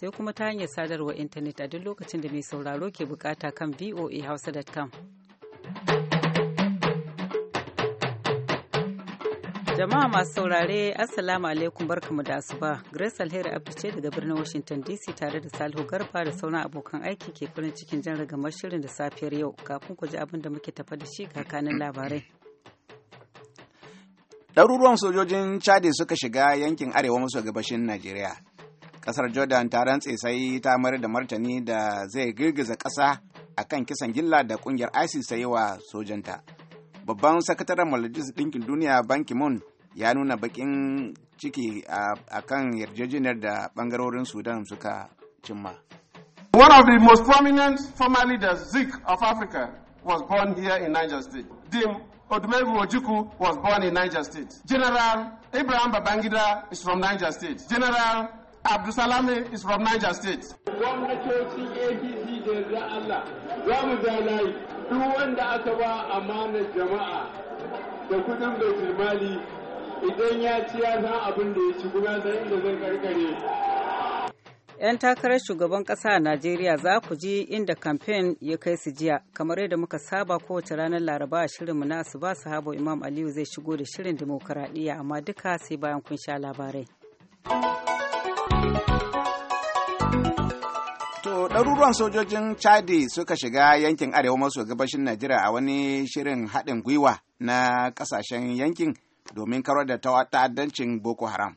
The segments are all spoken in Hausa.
sai kuma ta hanyar sadarwar intanet a duk lokacin da mai sauraro ke bukata kan voahausa.com. Jama'a masu saurare, Assalamu alaikum barkamu da asuba. Grace Alheri Abdu ce daga birnin Washington DC tare da Salihu Garba da sauran abokan aiki ke farin cikin jan ragamar shirin da safiyar yau. Kafin ku ji abin da muke tafa da shi kakanin labarai. Ɗaruruwan sojojin Chadi suka shiga yankin arewa maso gabashin Najeriya kasar jordan ta rantse sai ta mayar da martani da zai girgiza kasa a kan kisan gilla da kungiyar isis ta yi wa sojanta babban sakataren majalisar ɗinkin duniya ban moon ya nuna bakin ciki a kan yarjejeniyar da bangarorin sudan suka cimma one of the most prominent former leaders zik of africa was born here in niger state dim odumegu ojuku was born in niger state general ibrahim babangida is from niger state general Abdusalami is from Niger State. Gwamnatocin APC da yanzu Allah za mu zalayi duk wanda aka ba amanar jama'a da kudin bai mali idan ya ci ya san abin da ya ci kuma da inda karkare 'yan takarar shugaban ƙasa a Najeriya za ku ji inda kamfen ya kai su jiya kamar yadda muka saba kowace ranar laraba a shirinmu na ba sahabo imam aliyu zai shigo da shirin dimokuraɗiyya amma duka sai bayan kun sha labarai. ɗaruruwan sojojin chadi suka shiga yankin arewa maso gabashin najeriya a wani shirin haɗin gwiwa na ƙasashen yankin domin kawar da ta'addancin boko haram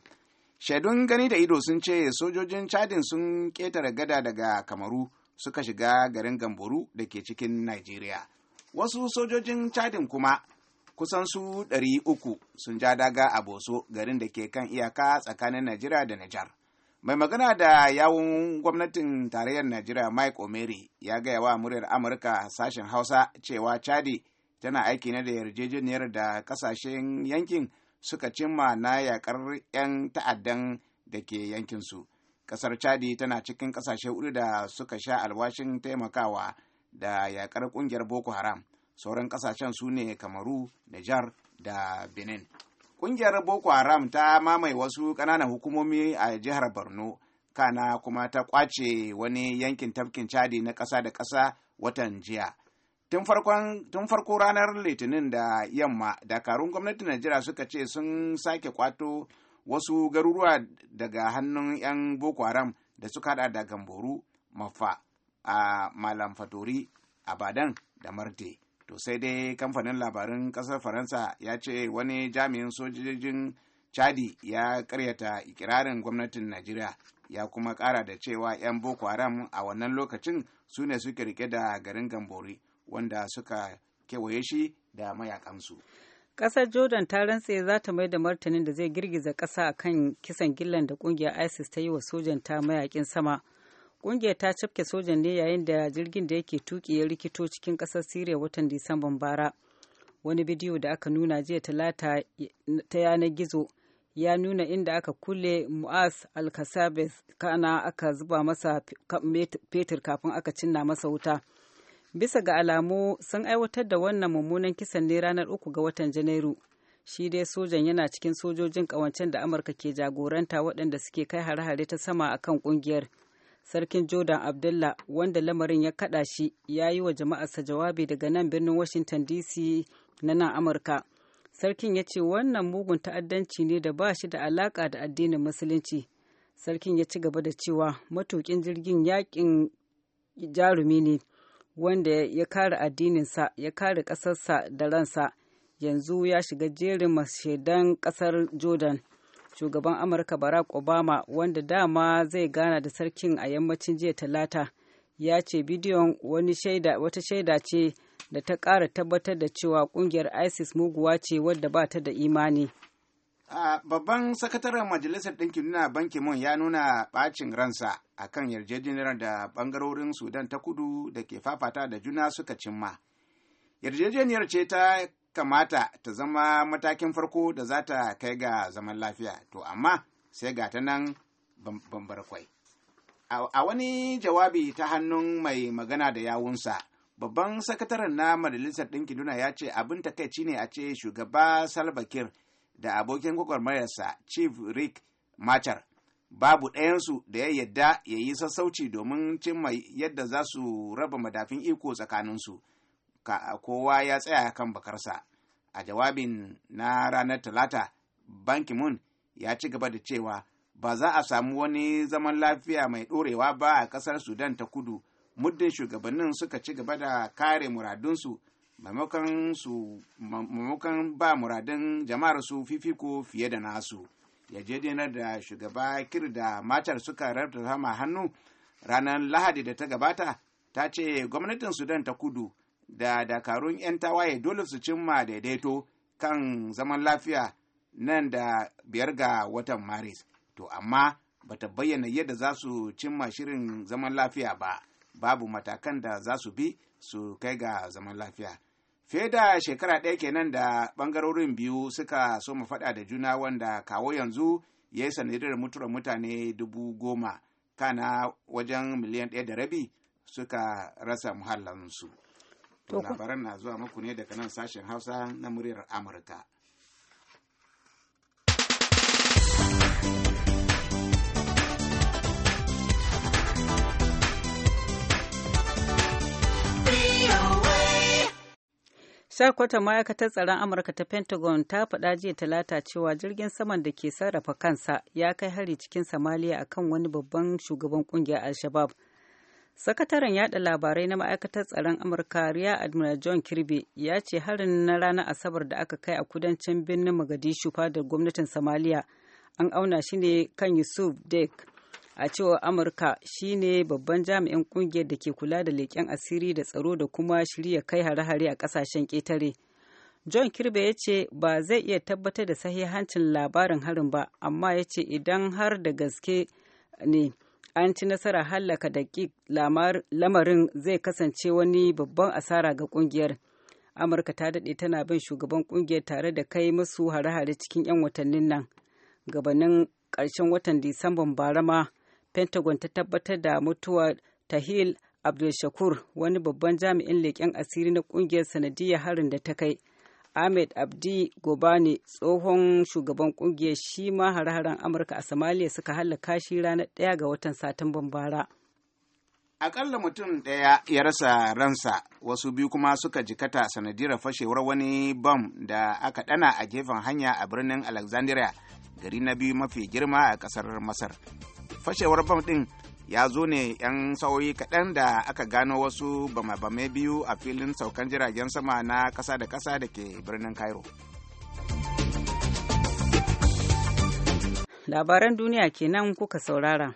shaidun gani da ido sun ce sojojin chadin sun ƙetare gada daga kamaru suka shiga garin gamboru da ke cikin najeriya wasu sojojin chadin kuma kusan su ɗari uku sun ja daga a boso garin da ke kan iyaka tsakanin najeriya da nijar Mai magana da yawun gwamnatin tarayyar Najeriya Mike Omeri ya gaya wa muryar Amurka sashen Hausa cewa Chadi tana aiki na da yarjejeniyar da kasashen yankin suka cimma na yakar 'yan ta'addan da ke yankinsu. Kasar Chadi tana cikin kasashe hudu da suka sha alwashin taimakawa da yakar kungiyar Boko Haram. Sauran kasashen su ne Kamaru, Nijar da Benin. Ƙungiyar Boko Haram ta mamaye wasu ƙananan hukumomi a jihar Borno, kana kuma ta kwace wani yankin tafkin Chadi na ƙasa da ƙasa watan jiya. Tun farko ranar Litinin da yamma, dakarun gwamnatin Najeriya suka ce sun sake kwato wasu garuruwa daga hannun 'yan Boko Haram da suka haɗa da Gamboru, Mafa, a Malam Fatori, Abadan da Marte. to sai dai kamfanin labarin kasar faransa ya ce wani jami'in sojojin chadi ya karyata ikirarin gwamnatin najeriya ya kuma kara da cewa 'yan boko haram a wannan lokacin su ne suke rike da garin gambori wanda suka kewaye shi da mayakansu kasar jordan ta rantse za ta mai da martanin da zai girgiza ƙasa kan kisan gillan da kungiyar isis ta yi wa sojan ta mayakin sama Ƙungiyar ta cafke sojan ne yayin da jirgin da yake tuki ya rikito cikin ƙasar Siriya watan Disamban bara. Wani bidiyo da aka nuna jiya talata ta yanar gizo ya nuna inda aka kulle Mu'az Alkasabes kana aka zuba masa fetur kafin aka cinna masa wuta. Bisa ga alamu sun aiwatar da wannan mummunan kisan ne ranar uku ga watan Janairu. shi dai sojan yana cikin sojojin kawancen da amurka ke jagoranta waɗanda suke kai hare-hare ta sama akan kan ƙungiyar sarkin jordan abdullah wanda lamarin ya kada shi ya yi wa jama'arsa jawabi daga nan birnin washington dc na nan amurka sarkin ya ce wannan mugun ta'addanci ne da ba shi da alaka da addinin musulunci sarkin ya ci gaba da cewa matukin jirgin yakin jarumi ne wanda ya kare addininsa ya kare ƙasarsa da ransa yanzu ya shiga jerin mashaidan ƙasar jordan shugaban amurka barack obama wanda dama zai gana da sarkin a yammacin jiya talata ya ce bidiyon wata shaida ce da ta kara tabbatar da cewa kungiyar isis muguwa ce wadda ba ta da imani Uh, babban sakataren majalisar ɗinkin nuna banki mun ya nuna ɓacin ransa a kan yarjejeniyar da bangarorin sudan ta kudu da ke fafata da juna suka cimma yarjejeniyar ce ta kamata ta zama matakin farko da za ta kai ga zaman lafiya to amma sai ga ta nan bambarkwai a wani jawabi ta hannun mai magana da yawunsa babban sakataren na majalisar ɗinkin duna ya ce abin takaici ne a ce shugaba salbakir da abokin gwagwarmayarsa chief rick machar babu ɗayansu da ya yadda ya yi sassauci domin cimma yadda za su raba madafin iko tsakaninsu kowa ya tsaya kan bakarsa a jawabin na ranar talata banki mun ya ci gaba da cewa ba za a samu wani zaman lafiya mai ɗorewa ba a ƙasar sudan ta kudu muddin shugabannin suka ci gaba da kare muradunsu maimakon ba muradun jama'ar su fifiko fiye da nasu yajejenar da shugaba kir da matar suka rarta hannu ranar lahadi da ta gabata ta ce gwamnatin sudan ta kudu da dakarun 'yan tawaye dole su cimma daidaito kan zaman lafiya nan da biyar ga watan maris to amma ba ta bayyana yadda za su cimma shirin zaman lafiya ba babu matakan da za su bi su kai ga zaman lafiya fiye da shekara ɗaya kenan da ɓangarorin biyu suka soma faɗa da juna wanda kawo yanzu ya yi sanadiyar mutuwar mutane dubu goma kana wajen miliyan ɗaya da rabi suka rasa muhallansu. labaran na zuwa muku ne daga nan sashen Hausa na muryar Amurka. Shakwata ma'aikatar tsaron Amurka ta Pentagon ta faɗa jiya talata cewa jirgin saman da ke sarrafa kansa ya kai hari cikin Somalia akan wani babban shugaban kungiyar Al-Shabaab. alshabab. al shabaab sakataren yada labarai na ma'aikatar tsaron amurka riya admiral john kirby ya ce harin na ranar asabar da aka kai a kudancin birnin mogadishu fadar gwamnatin Somalia an auna shi ne kan yusuf dek a cewar amurka shine babban jami'in kungiyar da ke kula da leƙen asiri da tsaro da kuma shirya kai hare-hare a ƙasashen ƙetare john kirby ya ce ba zai iya tabbatar da sahihancin labarin harin ba amma ya ce idan har da gaske ne an ci nasara hallaka da lamarin zai kasance wani babban asara ga ƙungiyar. amurka ta daɗe tana bin shugaban ƙungiyar tare da kai masu hare-hare cikin 'yan watannin nan gabanin ƙarshen watan disamban bara ma pentagon ta tabbatar da mutuwar tahil abdulshakur wani babban jami'in leƙen asiri na ƙungiyar sanadiyar harin da ta kai ahmed abdi gobani tsohon shugaban kungiyar shi ma hare-haren amurka a somalia suka hallaka shi ranar ɗaya ga watan satumban bara akalla mutum ɗaya ya rasa ransa wasu biyu kuma suka jikata sanadiyar fashewar wani bam da aka ɗana a gefen hanya a birnin alexandria gari na biyu mafi girma a ƙasar masar fashewar bam ɗin ya zo ne 'yan sauyi kaɗan da aka gano wasu bama-bame biyu a filin saukan jiragen sama na ƙasa da ƙasa da ke birnin cairo labaran duniya kenan kuka saurara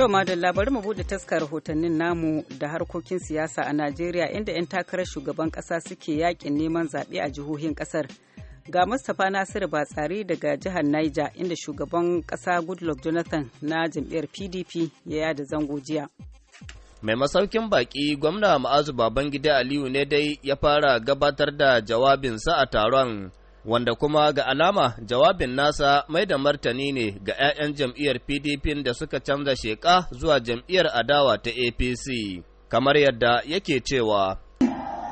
To Madalla bari mu bude taskar rahotannin namu da harkokin siyasa a Najeriya inda 'yan takarar shugaban ƙasa suke yakin neman zaɓe a jihohin ƙasar Ga Mustapha Nasiru Batsari daga jihar Niger inda shugaban ƙasa Goodluck Jonathan na jam'iyyar PDP ya yada zango jiya. Mai masaukin baƙi gwamna Ma'azu Babangida Aliyu ne dai ya fara gabatar da jawabinsa a taron. wanda kuma ga alama jawabin nasa mai da martani ne ga 'ya'yan jam'iyyar PDP da suka canza sheka zuwa jam'iyyar adawa ta APC, kamar yadda yake cewa.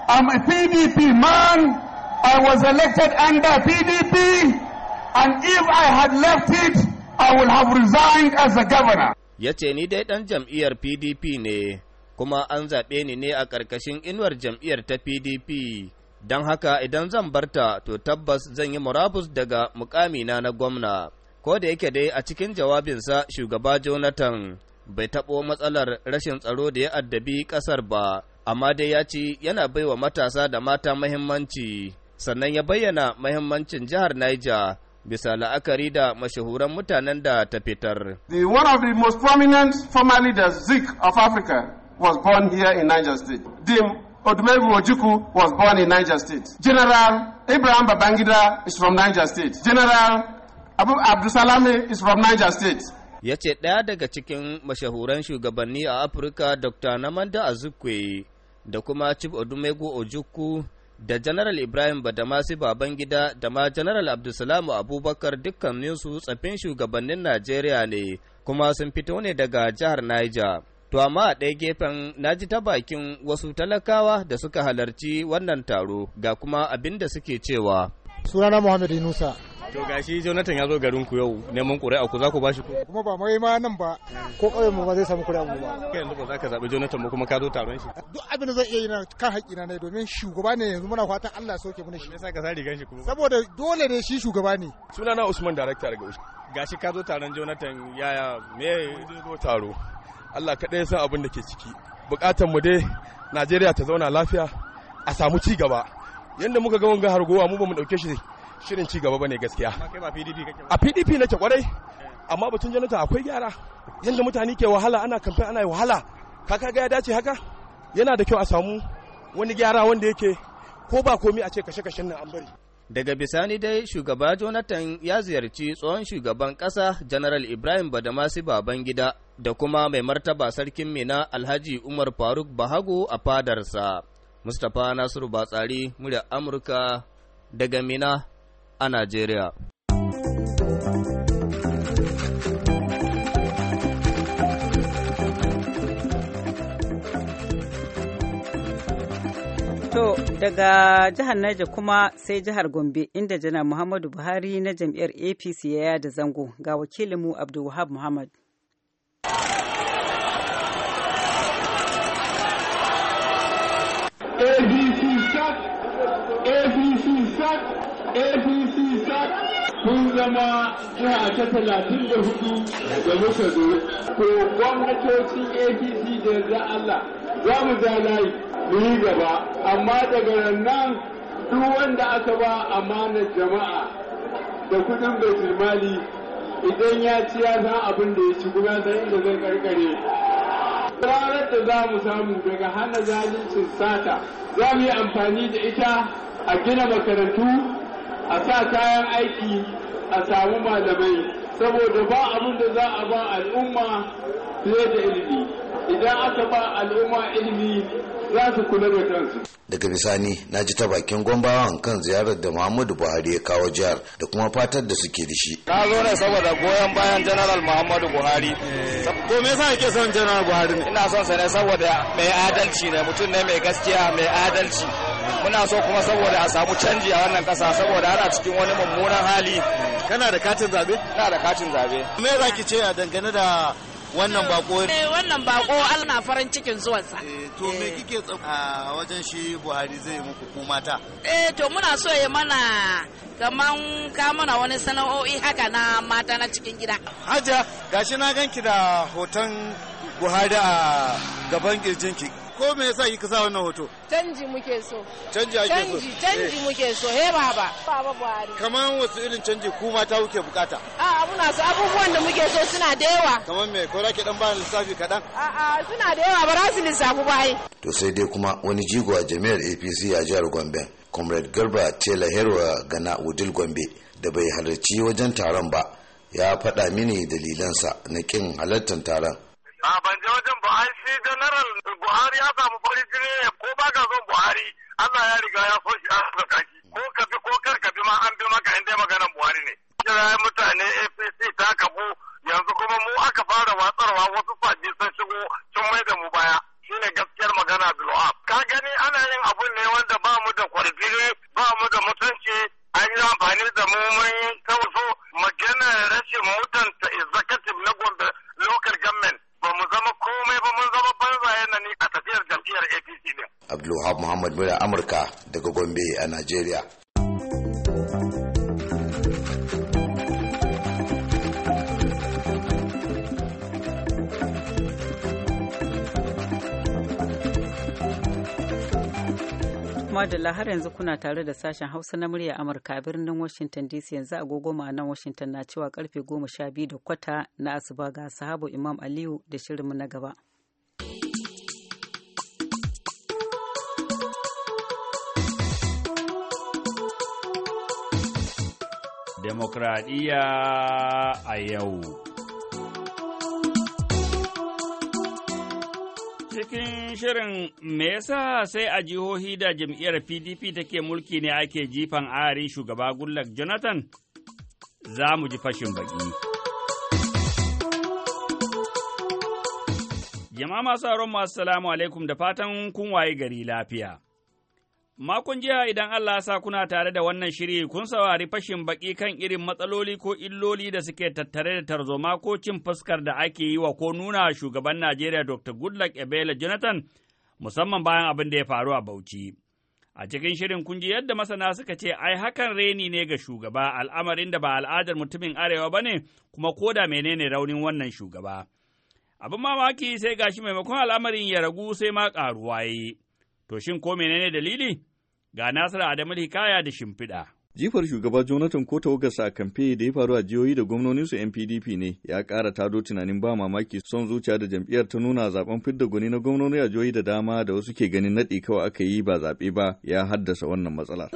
I'm a PDP man, I was elected under PDP, and if I had left it, I would have resigned as a governor. Ya ce ni dai dan jam'iyyar PDP ne, kuma an zaɓe ni ne a ƙarƙashin inuwar jam'iyyar ta PDP. don haka idan zan barta to tabbas zan yi murabus daga mukamina na gwamna ko da yake dai a cikin jawabinsa shugaba jonathan bai taɓo matsalar rashin tsaro da ya addabi ƙasar ba amma dai ya ci yana baiwa matasa da mata mahimmanci sannan ya bayyana mahimmancin jihar niger bisa la'akari da mashahuran mutanen da ta fitar. one the most prominent former leaders, of Africa, was born here in Niger State. The Odumegwu Ojiku was born in Niger State. General Ibrahim Babangida is from Niger State. General Abu Abdusalami is from Niger State. Ya ce ɗaya daga cikin mashahuran shugabanni a Afirka Dr. Namanda Azukwe da kuma Chief Odumegwu Ojukwu da General Ibrahim Badamasi Babangida da ma General Abdulsalamu Abubakar dukkaninsu tsafin shugabannin Najeriya ne kuma sun fito ne daga jihar Niger. To amma a ɗaya gefen na ji ta bakin wasu talakawa da suka halarci wannan taro ga kuma abin da suke cewa. Sunana Muhammad Yunusa. To gashi Jonathan ya zo garin ku yau neman ƙuri'a ku za ku bashi ku. Kuma ba mai ma nan ba ko ƙauyen mu ba zai samu ƙuri'a mu ba. Kai yanzu ba za ka zaɓi Jonathan ba kuma ka zo taron shi. Duk abin da zan iya yi na kan haƙƙina ne domin shugaba ne yanzu muna fatan Allah ya sauke mana shi. Me yasa ka sa rigan shi kuma? Saboda dole ne shi shugaba ne. Sunana Usman Director daga Usman. Gashi ka zo taron Jonathan yaya me zo taro? Allah kaɗai san abin da ke ciki buƙatar mu dai Najeriya ta zauna lafiya a samu ci gaba yadda muka ga hargowa mu ba mu ɗauke shi shirin ci gaba bane gaskiya a PDP nake kwarai eh. amma batun janata akwai gyara yadda mutane ke wahala ana kamfe ana wahala kaka ga ya dace haka yana da kyau a samu wani gyara wanda yake ko ba komi a ce kashe-kashen nan an bari Daga bisani dai shugaba Jonathan ya ziyarci tsohon shugaban ƙasa General Ibrahim Badamasi Babangida da kuma mai martaba sarkin Mina Alhaji Umar Faruk Bahago a fadarsa. Mustapha Nasiru Batsari, murya Amurka daga Mina a Najeriya. To daga jihar Naija kuma sai jihar Gombe inda janar Muhammadu Buhari na jam'iyyar APC ya yada zango ga wakilinmu Abdulwahab Muhammad. APC sat, APC sat, APC sat sun zama jiha ta talatin da hudu da muka zo. Ko gwamnatocin APC da za Allah za mu ja layi muyi yi gaba amma daga nan duk wanda aka ba amanar jama'a da kudin mali idan ya ci ya san abin da ya ci kuma ya inda zai karkare ranar da za mu samu daga hana zalincin sata za mu yi amfani da ita a gina makarantu a sa kayan aiki a samu malamai saboda ba abin da za a ba al'umma fiye da ilimi idan aka ba al'umma ilimi za su kula da kansu daga bisani na ji ta bakin gwambawan kan ziyarar da muhammadu buhari ya kawo jihar da kuma fatar da suke da shi na zo ne saboda goyon bayan general muhammadu buhari ko me yasa kake son general buhari ne ina son sa ne saboda mai adalci ne mutum ne mai gaskiya mai adalci muna so kuma saboda a samu canji a wannan kasa saboda ana cikin wani mummunan hali kana da katin zabe ina da katin zabe me za ki ce a dangane da wannan bako eh wannan bako Allah farin cikin zuwansa eh to me eh. kike a wajen shi Buhari zai muku kuma ta eh to muna so ya mana kaman ka mana wani sana'o'i haka na mata na cikin gida Hajiya gashi na ganki da hoton Buhari a gaban ki. ko me yasa kika sa wannan hoto canji muke so canji ake so canji canji eh. muke so he baba baba Buhari kaman wasu irin canji ku mata kuke bukata a muna so abubuwan da muke so suna da yawa kaman me ko zaki dan ba lissafi kadan a a suna da yawa ba za su lissafu ba to sai dai kuma wani jigo a jami'ar APC a jihar Gombe comrade garba tela herwa gana wudil gombe da bai halarci wajen taron ba ya faɗa mini dalilansa na ƙin halartar taron A ban je wajen an shi general Buhari ya samu farin jini ko ba ka zo Buhari Allah ya riga ya so shi a saka ko ka bi ko kar ka fi ma an bi maka in dai maka najeriya madalla har yanzu kuna tare da sashen hausa na murya amurka a birnin washington dc yanzu agogo nan washington na cewa karfe goma sha biyu da kwata na asuba ga sahabu imam aliyu da shirinmu na gaba demokradiyya a yau. Cikin shirin me yasa sai a jihohi da jam'iyyar PDP take mulki ne ake jifan ari shugaba gullak Jonathan? Za mu ji fashin baki. Jama'a masu masu salamu alaikum da fatan kun waye gari lafiya. Makon jiya idan Allah ya sa kuna tare da wannan shiri kun saurari fashin baki kan irin matsaloli ko illoli da suke tattare da tarzoma ko cin fuskar da ake yi wa ko nuna shugaban Najeriya Dr. Goodluck Ebele Jonathan musamman bayan abin da ya faru a Bauchi. A cikin shirin kun ji yadda masana suka ce ai hakan reni ne ga shugaba al'amarin da ba al'adar mutumin arewa ba ne kuma koda menene raunin wannan shugaba. Abin mamaki sai gashi maimakon al'amarin ya ragu sai ma ƙaruwa yi. To shin ko menene dalili? Ga Nasiru Adamu Hikaya da Shimfiɗa. Jifar shugaba Jonathan ko tawagarsa a kamfe da ya faru a jihohi da gwamnoninsu su PDP ne ya kara tado tunanin ba mamaki son zuciya da jam'iyyar ta nuna zaben fidda gwani na gwamnoni a jihohi da dama da wasu ke ganin nadi kawai aka yi ba zabe ba ya haddasa wannan matsala.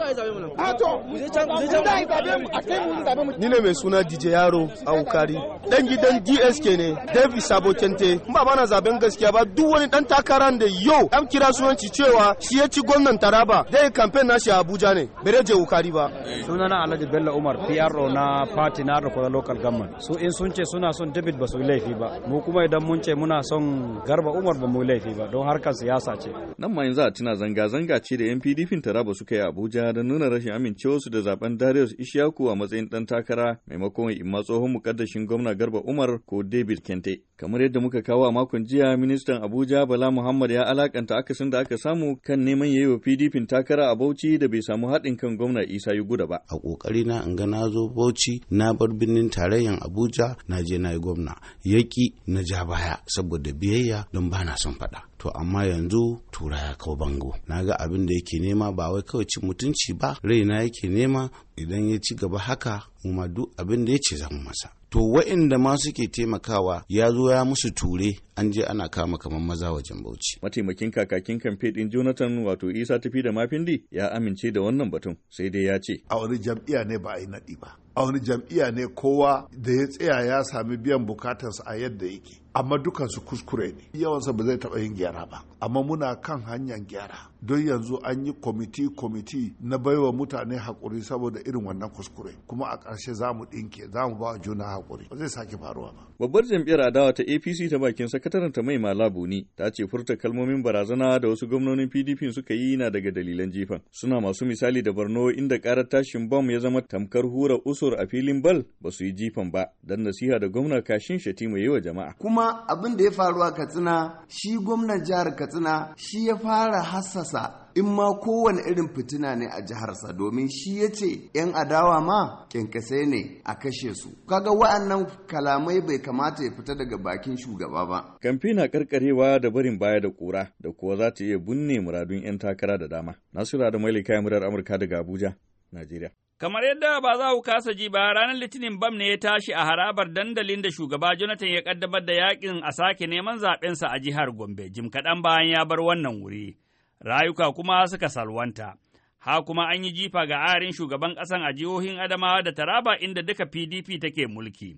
Ni ne mai suna DJ Yaro Awukari. Dan gidan DSK ne David Sabo Kente. Ba bana zaben gaskiya ba duk wani dan takaran da yau an kira sunanci cewa shi ya ci gwamnan Taraba. Dai kamfen nashi a Abuja ne. Bere je Wukari ba. suna na alhaji bello umar pro na party na da local government su in sun ce suna son david ba su laifi ba mu kuma idan mun ce muna son garba umar ba mu laifi ba don harkar siyasa ce nan ma yanzu a tuna zanga-zanga ce da yan pdp taraba suka yi abuja don nuna rashin su da zaben darius ishaku a matsayin dan takara maimakon imma tsohon mukaddashin gwamna garba umar ko david kente kamar yadda muka kawo a makon jiya ministan abuja bala muhammad ya alakanta akasin da aka samu kan neman yayi wa pdp takara a bauchi da bai samu haɗin kan gwamna isa yuguda da ba a kokari na in ga nazo zo Bauchi na bar birnin tarayyan Abuja na je na yi gwamna yaki na ja baya saboda biyayya don ba na son faɗa to amma yanzu tura ya kawo bango na ga abin da yake nema ba wai kawai cin mutunci ba raina yake nema idan ya ci gaba haka mu duk abin da ya ce mu masa to wa'inda ma suke taimakawa ya zo ya musu ture an je ana kama kamar maza wajen bauchi. Mataimakin kakakin kamfe ɗin Jonathan wato Isa tafi da mafindi ya amince da wannan batun sai dai ya ce. A wani jam'iyya ne ba a yi naɗi ba. a wani jam'iyya ne kowa da ya tsaya ya sami biyan bukatarsa a yadda yake amma dukansu kuskure ne yawansa ba zai taɓa yin gyara ba amma muna kan hanyar gyara don yanzu an yi kwamiti kwamiti na baiwa mutane haƙuri saboda irin wannan kuskure kuma a ƙarshe za mu ɗinke za mu ba wa juna haƙuri ba zai sake faruwa ba babbar jam'iyyar adawa ta apc ta bakin sakataren ta mai malabu ne ta ce furta kalmomin barazana da wasu gwamnonin pdp suka yi na daga dalilan jifan suna masu misali da barno inda ƙarar tashin bom ya zama tamkar hura us Mansur a filin bal ba su yi jifan ba don nasiha da gwamnar Kashin Shatima yi wa jama'a. Kuma abin da ya faru a Katsina shi gwamnan jihar Katsina shi ya fara hassasa in ma kowane irin fitina ne a jiharsa domin shi ya ce 'yan adawa ma kyankyasai ne a kashe su kaga wa'annan kalamai bai kamata ya fita daga bakin shugaba ba Kamfi na karkarewa da barin baya da kura da kuwa za ta iya binne muradun 'yan takara da dama nasiru da mailika murar amurka daga abuja najeriya Kamar yadda ba za ku kasa ji ba ranar Litinin Bam ne ya tashi a harabar dandalin da shugaba Jonathan ya kaddamar da yakin a sake neman zaɓensa a jihar Gombe jim kaɗan bayan ya bar wannan wuri. Rayuka kuma suka salwanta. Ha kuma an yi jifa ga arin shugaban ƙasan a jihohin Adamawa da Taraba inda duka PDP take mulki.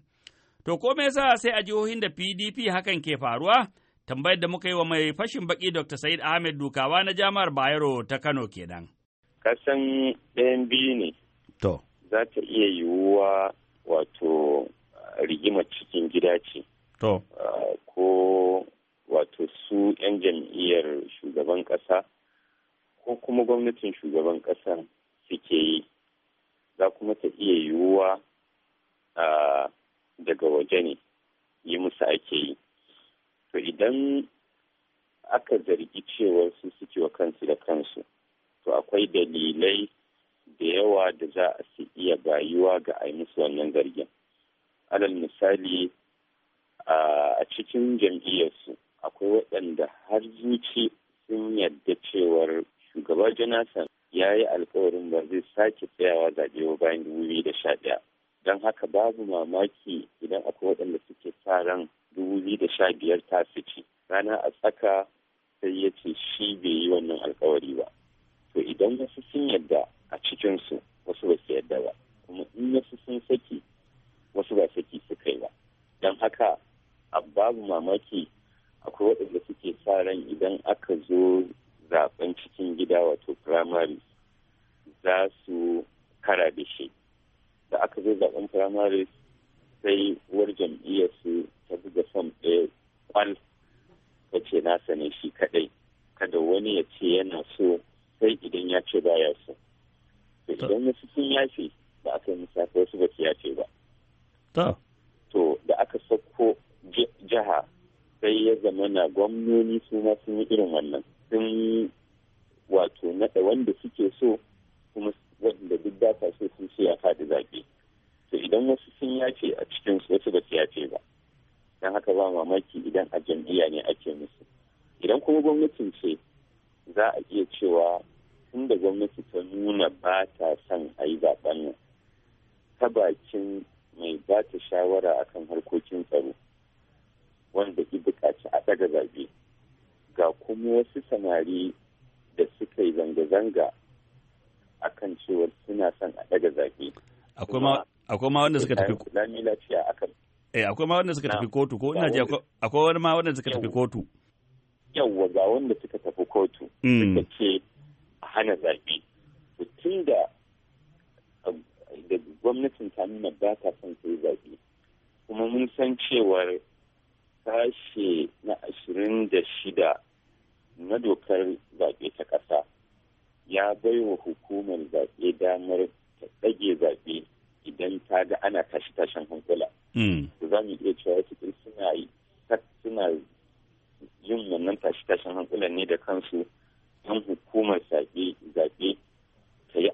To ko me yasa sai a jihohin da PDP hakan ke faruwa? Tambayar da muka yi wa mai fashin baki Dr. Said Ahmed Dukawa na Jami'ar Bayero ta Kano kenan. Kasan ɗayan biyu ne. To. Za ta iya yiwuwa wato uh, rigima cikin gida ce. To. Uh, ko wato su 'yan jam'iyyar shugaban ƙasa ko kuma gwamnatin shugaban ƙasa suke yi. Za kuma ta iya yiwuwa uh, daga waje ne yi musu ake yi. To idan aka zargi cewa su suke wa kansu da kansu, to akwai dalilai da yawa da za a su iya bayuwa ga a musu wannan zargin alal misali a cikin jam'iyyarsu akwai waɗanda har zuci sun yarda cewar shugaba jonathan ya yi alkawarin ba zai sake tsayawa zaɓe ba bayan 2011 don haka babu mamaki idan akwai waɗanda suke sa ran 2015 ta fice rana a tsaka sai ya ce shi bai yi wannan alkawari ba to idan wasu sun yadda a cikinsu wasu ba su yadda ba kuma in wasu sun saki wasu ba saki suka yi ba don haka babu mamaki akwai waɗanda suke sa ran idan aka zo zaben cikin gida wato primary za su kara da shi da aka zo zaben primary sai uwar jam'iyyar su ta buga son ɗaya kwal ta ce na ne shi kaɗai kada wani ya ce yana so sai idan ya ce baya so idan wasu sun ce ba a kai misafi wasu ba su ce ba to da aka sauko jiha sai ya zama na gwamnoni su ma sun yi irin wannan sun yi wato naɗa wanda suke so kuma wanda duk ba ta so sun ce ya da zaɓe to idan wasu sun ce a cikin wasu ba su ce ba don haka ba mamaki idan a jam'iyya ne ake musu idan kuma gwamnatin ce za a iya cewa tun da gwamnati ta nuna ba ta son a yi zaben nan ta bakin mai ba ta shawara akan harkokin tsaro wanda ki buƙaci a ɗaga zaɓe ga kuma wasu samari da suka yi zanga-zanga kan cewar suna son a ɗaga zaɓe. Akwai ma wanda suka tafi lafiya akan. Eh akwai ma wanda suka tafi kotu ko ina ji akwai wani ma wanda suka tafi kotu. yawwa ga wanda suka tafi kotu hmm. suka ce a hana zaɓe tun um, da gwamnatin ta nuna ba ta son yi zaɓe kuma mun san cewar sashe na ashirin da shida na dokar zaɓe ta ƙasa ya bai wa hukumar zaɓe damar ta ɗage zaɓe idan ta ga ana tashi tashen hankula. Hmm. Za mu iya cewa cikin suna suna yin wannan tashi-tashin hankulan ne da kansu yan hukumar zaɓe ta yi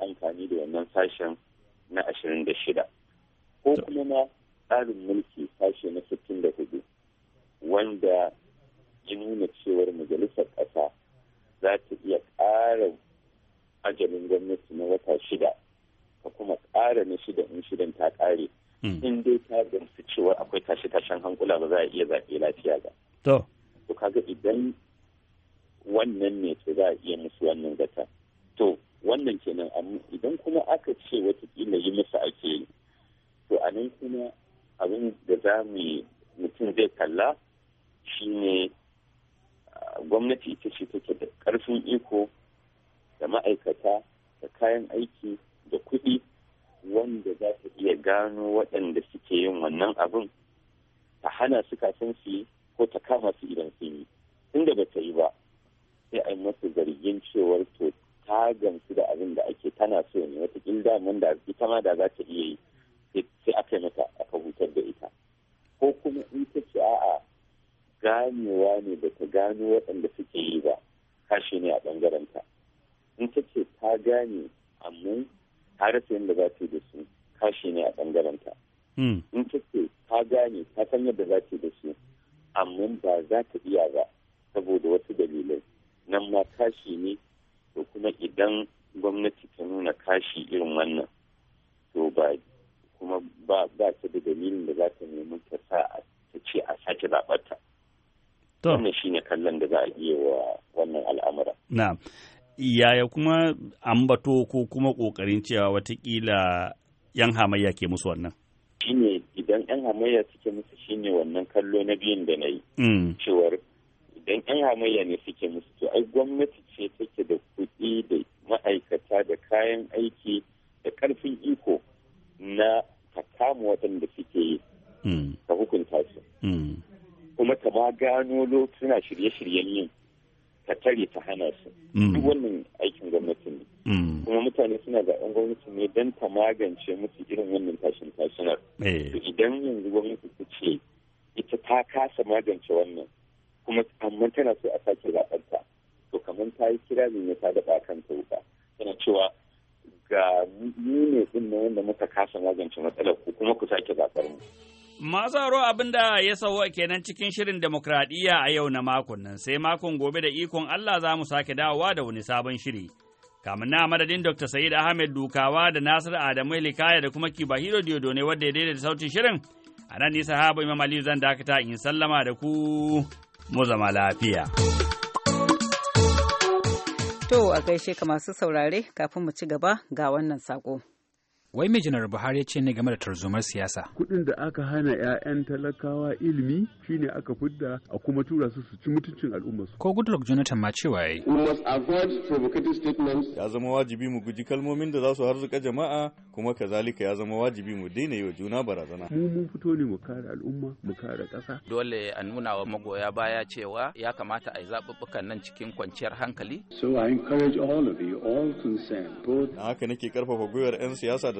amfani da wannan sashen na ashirin da shida ko kuma na tsarin mulki sashe na sittin da hudu wanda ya nuna cewar majalisar ƙasa za ta iya ƙara ajalin gwamnati na wata shida ka kuma ƙara na shida in shidan ta ƙare hmm. in dai ta gamsu cewa akwai tashi tashen hankula ba za a iya zaɓe lafiya ba. to kaga idan wannan ne su za a iya musu wannan zata to wannan kenan amma idan kuma aka ce watakila yi musu ake yi to a nan kuma abin da za mu mutum zai kalla shine gwamnati ita ce take da ƙarfin iko da ma'aikata da kayan aiki da kuɗi wanda za ta iya gano waɗanda suke yin wannan abin a hana su kafin su yi ko ta kama su idan sun yi inda ba ta yi ba sai a yi masa zargin cewar to ta gamsu da abin da ake tana so ne wata gilda man da ita ma da za ta iya yi sai aka yi mata aka hutar da ita ko kuma in ta ce a'a ganewa ne da ta gano waɗanda suke yi ba kashi ne a ɓangaren ta in ta ce ta gane amma ta rasa yadda za ta yi da su kashi ne a ɓangaren ta hmm. in ta ce ta gane ta san yadda za ta yi da su amma ba za ta iya ba saboda wasu dalilai nan ma kashi ne to kuma idan gwamnati ta nuna kashi irin wannan to ba kuma ba ta da dalilin da za ta nemi ta sa ta ce a sake zaɓarta. Wannan shi ne kallon da za a iya wa wannan al'amura. Na, yaya kuma ambato ko kuma ƙoƙarin cewa watakila ‘yan hamayya ke musu wannan? shine idan yan hamayya suke musu shine wannan kallo na biyun da na yi mm. cewar idan yan hamayya ne suke musu to ai gwamnati ce take da kuɗi da ma'aikata da kayan aiki da ƙarfin iko na ta kama waɗanda suke yi ka mm. hukunta su mm. kuma ta ma gano lokuna shirye-shiryen yin ka tare ta hana su duk wannan aikin gwamnati ne Mm. kuma mutane suna zaɓen gwamnati ne don ta magance musu irin wannan tashin tashinar eh. idan yanzu gwamnati ta ce ita ta kasa magance wannan kuma amma tana so a sake zaɓenta to kamar ta yi kira ne ya ta ba kan ta wuta tana cewa ga mu ne din wanda muka kasa magance matsalar ku kuma ku sake zaɓar mu Masaro abin da ya sauwa kenan cikin shirin demokradiyya a yau na makon nan sai makon gobe da ikon Allah za mu sake dawowa da wani sabon shiri. kamun na madadin Dr. Sa'id Ahmed Dukawa da Nasir Adamu Likaya da kuma Kibahiro, diodo ne wadda ya daidaita sautin shirin. A nan nisa habu Imam Aliyu zan dakata in sallama da ku mu zama lafiya. To a gaishe ka masu saurare kafin mu ci gaba ga wannan saƙo. Wai mai janar Buhari ya ce ne game da tarzomar siyasa. Kuɗin da aka hana 'ya'yan talakawa ilimi shine aka fidda a kuma tura su su ci mutuncin al'umma Ko Goodluck Jonathan ma cewa yayi. We must avoid provocative statements. Ya zama wajibi mu guji kalmomin da za su harzuka jama'a kuma kazalika ya zama wajibi mu daina yi wa juna barazana. Mu mun fito ne mu kare al'umma mu kare ƙasa. Dole a nuna wa magoya baya cewa ya kamata a yi zaɓuɓɓukan nan cikin kwanciyar hankali. So I encourage all of you all concerned both. Haka nake karfafa gwiwar 'yan siyasa da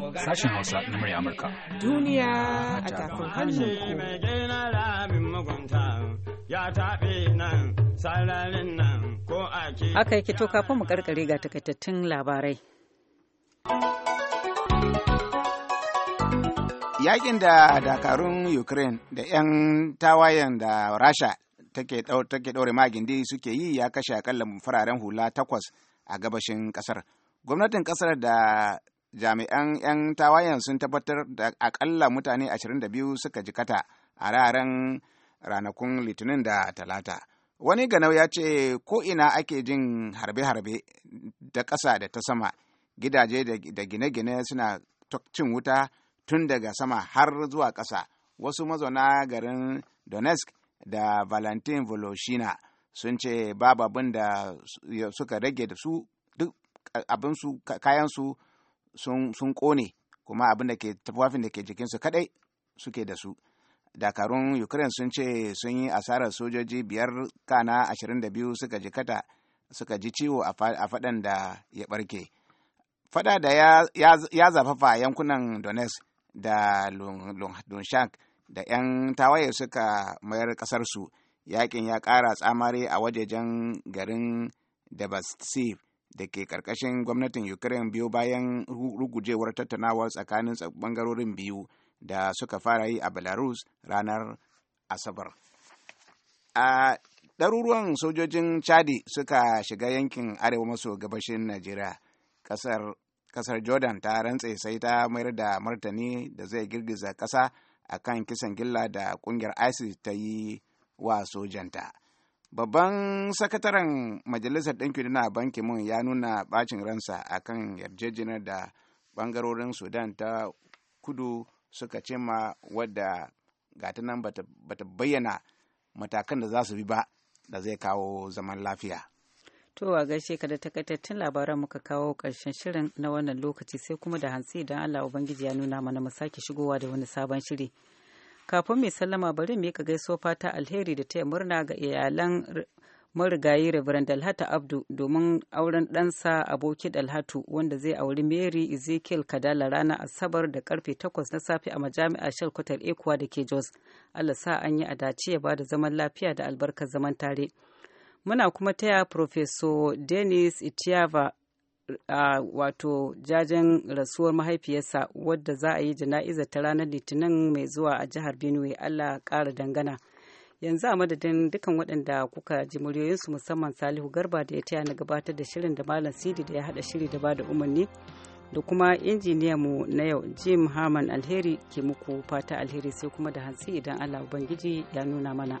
Sashen Hausa na murya Amurka. Duniya a tafin hannunku. Ya ko ake. Haka yake to kafin mu karkare ga takaitattun labarai. Yakin da dakarun Ukraine da 'yan tawayen da Rasha take ɗaure magindi suke yi ya kashe akalla fararen hula takwas a gabashin ƙasar. Gwamnatin ƙasar da jami'an 'yan tawayen sun tabbatar da akalla mutane 22 suka jikata a raran ranakun litinin da talata wani ganau ya ce ko'ina ake jin harbe-harbe da ƙasa da ta sama gidaje da gine-gine suna cin wuta tun daga sama har zuwa ƙasa wasu mazauna garin donetsk da valentin voloshina sun ce babu abin da suka rage da su duk abinsu kayansu sun kone kuma abin da ke tufafin da ke jikinsu kadai suke da su dakarun ukraine sun ce sun yi asarar sojoji biyar kana 22 suka jikata suka ji ciwo a fadan da ya barke fada da ya zafafa yankunan donetsk da lunshank da 'yan tawaye suka mayar kasarsu yakin ya ƙara tsamari a wajejen garin da da ke karkashin gwamnatin ukraine biyu bayan rugujewar tattaunawar tsakanin bangarorin biyu da suka fara yi a belarus ranar asabar a ɗaruruwan sojojin chadi suka shiga yankin arewa maso gabashin najeriya kasar, jordan ta rantse sai ta mayar da martani da zai girgiza ƙasa a kan kisan gilla da ƙungiyar isis ta yi wa sojanta babban sakataren majalisar ɗinkin na banki mun ya nuna bacin ransa a kan yarjejeniyar da bangarorin sudan ta kudu suka ma wadda gata nan bata bayyana matakan da za su bi ba da zai kawo zaman lafiya To a gaishe ka da takaitattun labaran muka kawo ƙarshen shirin na wannan lokaci sai kuma da hantsi idan Allah Ubangiji ya nuna mana mu sake shigowa da wani sabon shiri. kafin mai sallama bari ka gaisuwa fata alheri da taya murna ga iyalan marigayi Reverend Dalhatu Abdu domin auren ɗansa aboki Dalhatu wanda zai auri Mary Ezekiel Kadala rana Asabar da karfe 8 na safe a majami'ar Shalkwatar Ekuwa da ke Jos. Allah sa an yi a dace ya da zaman lafiya da albarkar zaman tare. Muna kuma taya Professor Dennis Itiava wato jajen rasuwar mahaifiyarsa wadda za a yi jana'izar ta ranar litinin mai zuwa a jihar benue allah kara dangana yanzu a madadin dukan waɗanda kuka ji muryoyinsu musamman salihu garba da ya taya na gabatar da shirin da malam sidi da ya haɗa shiri da bada umarni da kuma injiniya mu na yau jim haman alheri ke muku fata alheri sai kuma da hantsi idan allah ubangiji ya nuna mana.